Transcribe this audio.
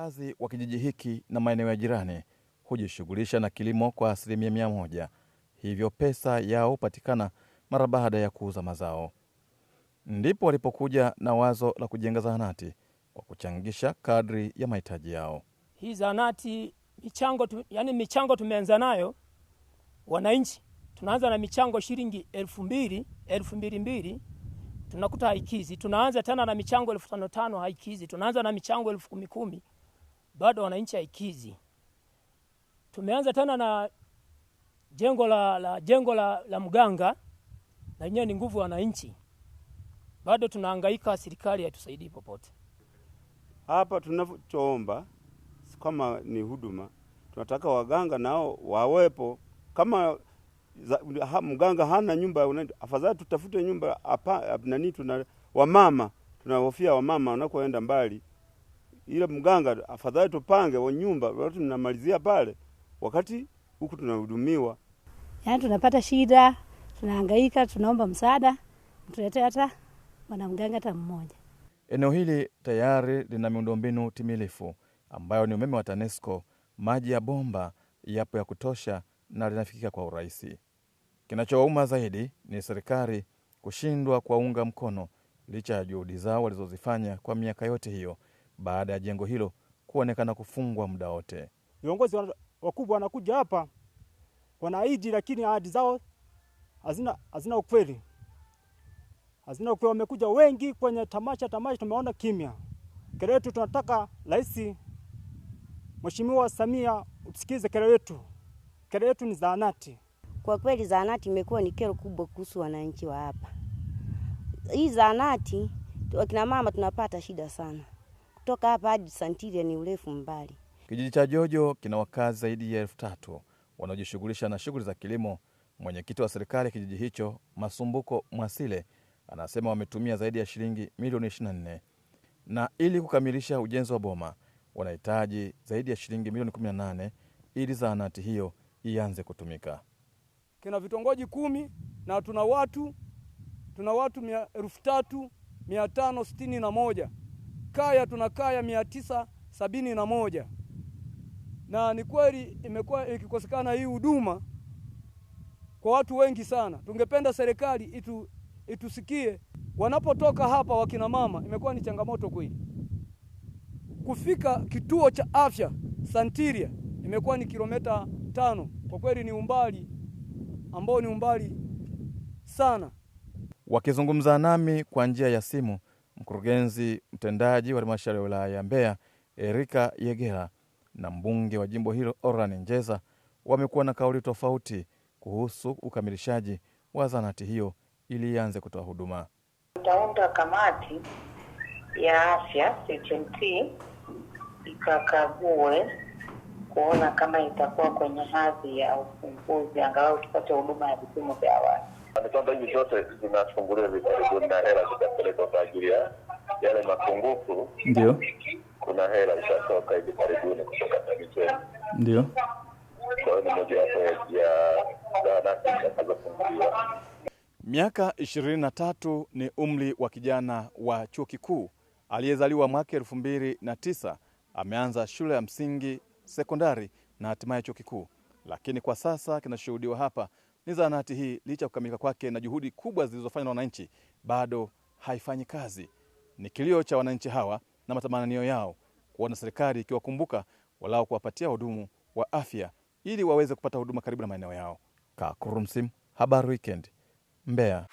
Wakazi wa kijiji hiki na maeneo ya jirani hujishughulisha na kilimo kwa asilimia mia moja, hivyo pesa yao hupatikana mara baada ya kuuza mazao. Ndipo walipokuja na wazo la kujenga zahanati kwa kuchangisha kadri ya mahitaji yao. Hii zahanati michango tu, yani michango tumeanza nayo wananchi, tunaanza na michango shilingi elfu mbili elfu mbili mbili tunakuta haikizi. Tunaanza tena na michango elfu tano tano haikizi. Tunaanza na michango elfu kumi kumi bado wananchi haikizi. Tumeanza tena na jengo la, la, jengo la, la mganga na yenyewe ni nguvu wananchi, bado tunahangaika, serikali haitusaidii popote. Hapa tunachoomba kama ni huduma, tunataka waganga nao wawepo. Kama za, ha, mganga hana nyumba, afadhali tutafute nyumba hapa nani, tuna wamama tunahofia wamama wanakoenda mbali ile mganga afadhali tupange wa nyumba watu tunamalizia pale, wakati huku tunahudumiwa. Yaani tunapata shida, tunahangaika, tunaomba msaada, mtuletee hata mwanamganga hata mmoja. Eneo hili tayari lina miundombinu timilifu ambayo ni umeme wa TANESCO, maji ya bomba yapo ya kutosha na linafikika kwa urahisi. Kinachowauma zaidi ni serikali kushindwa kuwaunga mkono licha ya juhudi zao walizozifanya kwa miaka yote hiyo baada ya jengo hilo kuonekana kufungwa muda wote. Viongozi wakubwa wanakuja hapa wanaahidi, lakini ahadi zao hazina hazina ukweli, hazina ukweli. Wamekuja wengi kwenye tamasha tamasha, tumeona kimya. Kero yetu tunataka Rais Mheshimiwa Samia utusikize kero yetu, kero yetu ni zahanati. Kwa kweli zahanati imekuwa ni kero kubwa kuhusu wananchi wa hapa. Hii zahanati wakina mama tunapata shida sana kutoka hapa hadi Santiria ni urefu mbali. Kijiji cha Jojo kina wakazi zaidi ya elfu tatu wanaojishughulisha na shughuli za kilimo. Mwenyekiti wa serikali ya kijiji hicho Masumbuko Mwasile anasema wametumia zaidi ya shilingi milioni 24 na ili kukamilisha ujenzi wa boma wanahitaji zaidi ya shilingi milioni 18 ili zahanati hiyo ianze kutumika. Kina vitongoji kumi na tuna watu tuna watu elfu tatu mia tano sitini na moja kaya tuna kaya mia tisa sabini na moja na ni kweli imekuwa ikikosekana hii huduma kwa watu wengi sana. Tungependa serikali itu, itusikie wanapotoka hapa wakina mama, imekuwa ni changamoto kweli. Kufika kituo cha afya Santiria imekuwa ni kilomita tano. Kwa kweli ni umbali ambao ni umbali sana. Wakizungumza nami kwa njia ya simu mkurugenzi mtendaji wa halmashauri ya wilaya ya Mbeya Erika Yegera na mbunge wa jimbo hilo Oran Njeza wamekuwa na kauli tofauti kuhusu ukamilishaji wa zahanati hiyo ili ianze kutoa huduma. Utaunda kamati ya afya CHMT ikakague kuona kama itakuwa kwenye hadhi ya ufunguzi, angalau tupate huduma ya vipimo vya awali. Amekwamba hivi zote zinafunguliwa hivi karibuni na hela zitapelekwa kwa ajili ya yale mapungufu. Ndio, kuna hela itatoka hivi karibuni kutoka TAMISEMI. Ndio, kwa hiyo ni mojawapo ya zahanati zitakazofunguliwa. Miaka ishirini na tatu ni umri wa kijana wa chuo kikuu aliyezaliwa mwaka elfu mbili na tisa. Ameanza shule ya msingi, sekondari na hatimaye chuo kikuu, lakini kwa sasa kinashuhudiwa hapa ni zahanati hii licha ya kukamilika kwake na juhudi kubwa zilizofanywa na wananchi bado haifanyi kazi. Ni kilio cha wananchi hawa na matamanio yao kuona serikali ikiwakumbuka walao kuwapatia wahudumu wa afya ili waweze kupata huduma karibu na maeneo yao. Kakurumsim, habari Wikendi, Mbeya.